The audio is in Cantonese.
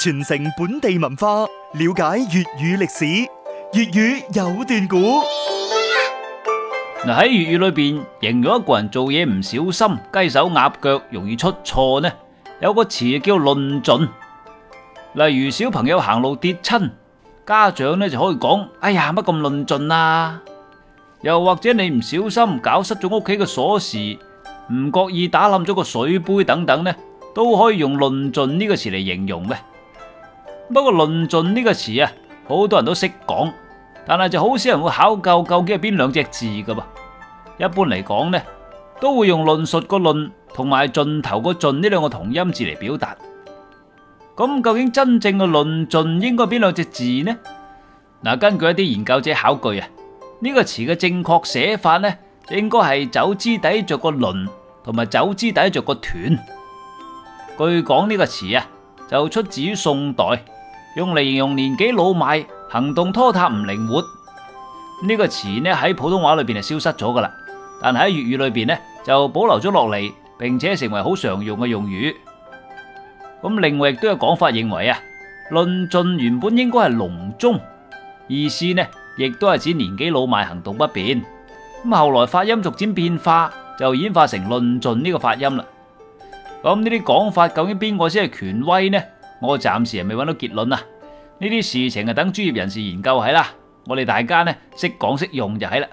傳承本地文化，了解粵語歷史。粵語有段古嗱，喺粵 語裏邊形容一個人做嘢唔小心、雞手鴨腳、容易出錯呢，有個詞叫論盡。例如小朋友行路跌親，家長呢就可以講：哎呀，乜咁論盡啊！又或者你唔小心搞失咗屋企嘅鎖匙，唔覺意打冧咗個水杯等等呢，都可以用論盡呢個詞嚟形容嘅。不過論盡呢個詞啊，好多人都識講，但係就好少人會考究究竟係邊兩隻字噶噃。一般嚟講呢，都會用論述個論同埋盡頭個盡呢兩個同音字嚟表達。咁究竟真正嘅論盡應該邊兩隻字呢？嗱，根據一啲研究者考據啊，呢個詞嘅正確寫法呢，就應該係走之底着個論同埋走之底着個斷。據講呢個詞啊，就出自於宋代。用嚟形容年紀老邁、行動拖沓唔靈活呢，呢個詞呢，喺普通話裏邊係消失咗噶啦，但係喺粵語裏邊呢，就保留咗落嚟並且成為好常用嘅用語。咁另外亦都有講法認為啊，論盡原本應該係龍鐘，意思呢亦都係指年紀老邁、行動不便。咁後來發音逐漸變化，就演化成論盡呢個發音啦。咁呢啲講法究竟邊個先係權威呢？我暫時係未揾到結論啊。呢啲事情係等專業人士研究係啦，我哋大家呢識講識用就係啦。